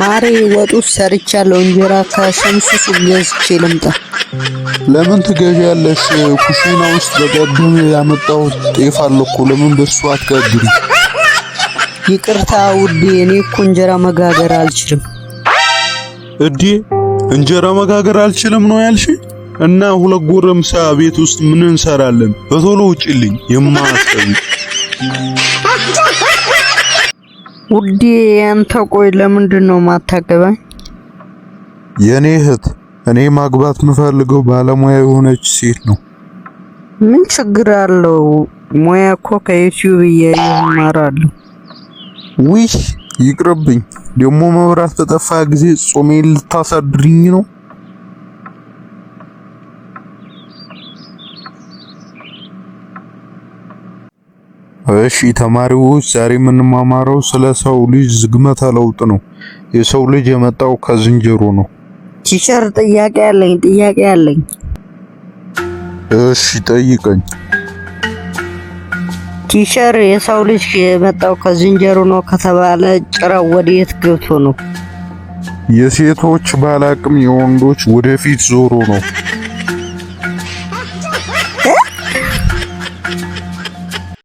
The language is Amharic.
ማሬ ወጡ ሰርቻለሁ። እንጀራ ከሸምሱስ ገዝቼ ልምጣ። ለምን ትገዣለሽ? ኩሽና ውስጥ በቀደም ያመጣሁት ጤፍ አለ እኮ ለምን በሱ አትጋግሪ? ይቅርታ ውዴ፣ እኔ እኮ እንጀራ መጋገር አልችልም። እዴ እንጀራ መጋገር አልችልም ነው ያልሽ? እና ሁለት ጎረምሳ ቤት ውስጥ ምን እንሰራለን? በቶሎ ውጪልኝ የማያስጠይቅ ውዴ ያንተ ቆይ ለምንድን ነው ማታገባኝ? የኔ እህት እኔ ማግባት የምፈልገው ባለሙያ የሆነች ሴት ነው። ምን ችግር አለው? ሙያ እኮ ከዩቲዩብ እማራለሁ። ውይ ይቅርብኝ። ደግሞ መብራት በጠፋ ጊዜ ጾሜን ልታሳድርኝ ነው። እሺ ተማሪዎች ዛሬ የምንማማረው ስለ ሰው ልጅ ዝግመተ ለውጥ ነው። የሰው ልጅ የመጣው ከዝንጀሮ ነው። ቲቸር ጥያቄ አለኝ ጥያቄ አለኝ። እሺ ጠይቀኝ። ቲቸር የሰው ልጅ የመጣው ከዝንጀሮ ነው ከተባለ ጭራው ወዴት ገብቶ ነው? የሴቶች ባላቅም የወንዶች ወደፊት ዞሮ ነው።